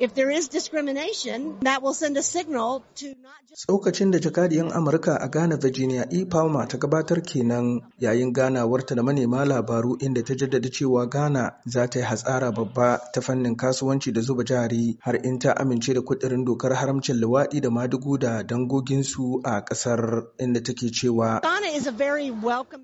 If there discrimination, that send signal to not just... da jakadiyan Amurka a Ghana Virginia E. Palmer ta gabatar kenan yayin ganawarta da manema labaru inda ta jaddada cewa Ghana za ta yi hatsara babba ta fannin kasuwanci da zuba jari har in ta amince da kudirin dokar haramcin luwaɗi da madugu da dangoginsu a ƙasar inda take cewa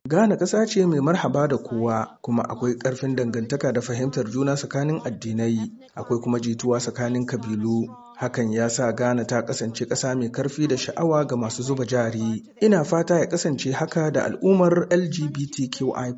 Ghana ƙasa ce mai marhaba da kowa kuma akwai karfin dangantaka da fahimtar juna tsakanin addinai akwai kuma jituwa tsakanin tsakanin kabilu Hakan ya sa Ghana ta kasance ƙasa mai karfi da sha'awa ga masu zuba jari. Ina fata ya kasance haka da al'ummar LGBTQI+.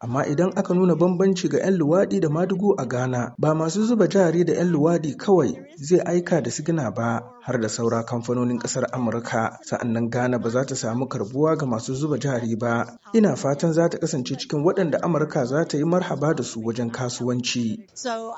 Amma idan aka nuna bambanci ga 'yan luwaɗi da madugu a Ghana, ba masu zuba jari da 'yan luwaɗi kawai zai aika da sigina ba, har da saura kamfanonin ƙasar Amurka. Sa'annan Ghana ba za ta samu karbuwa ga masu zuba jari ba. Ina fatan za ta kasance cikin waɗanda Amurka za ta yi marhaba da su wajen kasuwanci. So,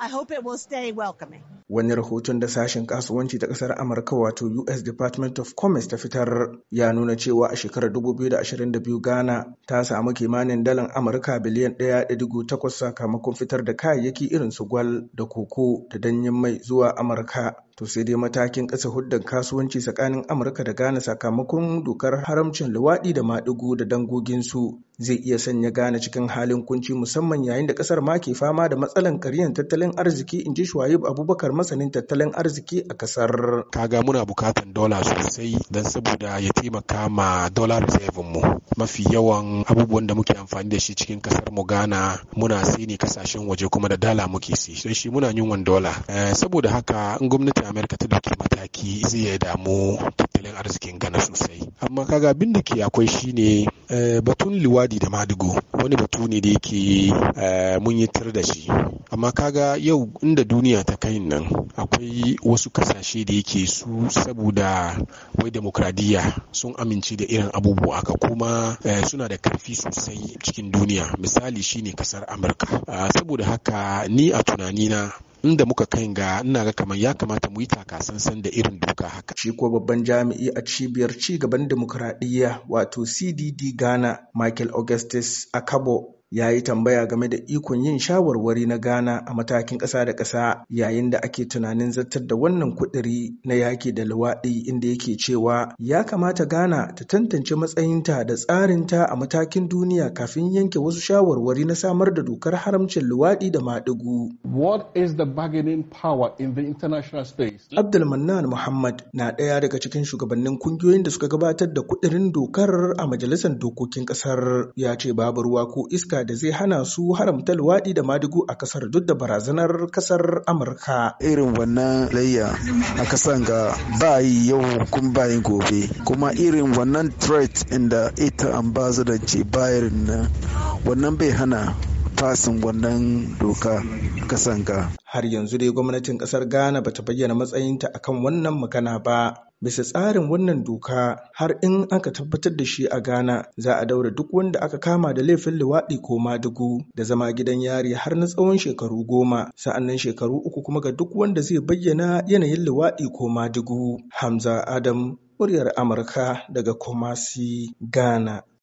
Wani rahoton da sashen kasuwanci ta kasar Amurka wato US Department of Commerce ta fitar ya nuna cewa a shekarar 2022 Ghana ta samu kimanin dalar Amurka biliyan 1.8 sakamakon fitar da kayayyaki irin su gwal da koko da danyen mai zuwa Amurka. to sai dai matakin ƙasa huddan kasuwanci tsakanin amurka da ghana sakamakon dokar haramcin luwaɗi da maɗigo da dangoginsu zai iya sanya ghana cikin halin kunci musamman yayin da ƙasar ma ke fama da matsalan karyan tattalin arziki in ji shuwayib abubakar masanin tattalin arziki a ƙasar kaga muna bukatan dola sosai don saboda ya taimaka ma dollar reserve mu mafi yawan abubuwan da muke amfani da shi cikin ƙasar mu ghana muna sai ne kasashen waje kuma da dala muke si shi muna yunwan dola eh, saboda haka in gwamnati amerika ta dauki mataki zai ya damu tattalin arzikin gana sosai amma kaga abin da ke akwai shine eh, batun liwadi da madigo wani batu ne da yake eh, mun yi tar da shi amma kaga yau inda duniya ta kai nan akwai wasu kasashe da yake su saboda wai demokradiyya sun amince da irin abubuwa haka kuma eh, suna da karfi sosai cikin duniya misali shine kasar amurka ah, saboda haka ni a tunanina inda muka kai ga ina ga kamar ya kamata mu yi takasansan da irin doka haka shi ko babban jami'i a cibiyar ci gaban dimokuraɗiyya wato cdd ghana michael augustus akabo ya yi tambaya game da ikon yin shawarwari na Ghana a matakin ƙasa da ƙasa yayin da ake tunanin zartar da wannan kuɗiri na yaki da luwaɗi inda yake cewa ya kamata Ghana ta tantance matsayinta da tsarinta a matakin duniya kafin yanke wasu shawarwari na samar da dokar haramcin luwaɗi da maɗigu. What is the bargaining power in the international space? Abdulmannan Muhammad na ɗaya daga cikin shugabannin kungiyoyin da suka gabatar da kuɗirin dokar a majalisar dokokin ƙasar ya ce babu ruwa ko iska amurka da zai hana su haramta luwaɗi da madugu a kasar duk da barazanar kasar amurka irin wannan layya a kasan ga ba yi yau kun ba yi gobe kuma irin wannan threat inda ita an ba da ce bayarin nan wannan bai hana fasin wannan doka kasan ga har yanzu dai gwamnatin ƙasar ghana bata bayyana matsayinta akan wannan magana ba bisa tsarin wannan doka har in aka tabbatar da shi a ghana za a daura duk wanda aka kama da laifin luwaɗi ko madugu da zama gidan yari har na tsawon shekaru goma sa'annan shekaru uku kuma ga duk wanda zai bayyana yanayin luwaɗi ko madugu hamza adam muryar amurka daga kumasi ghana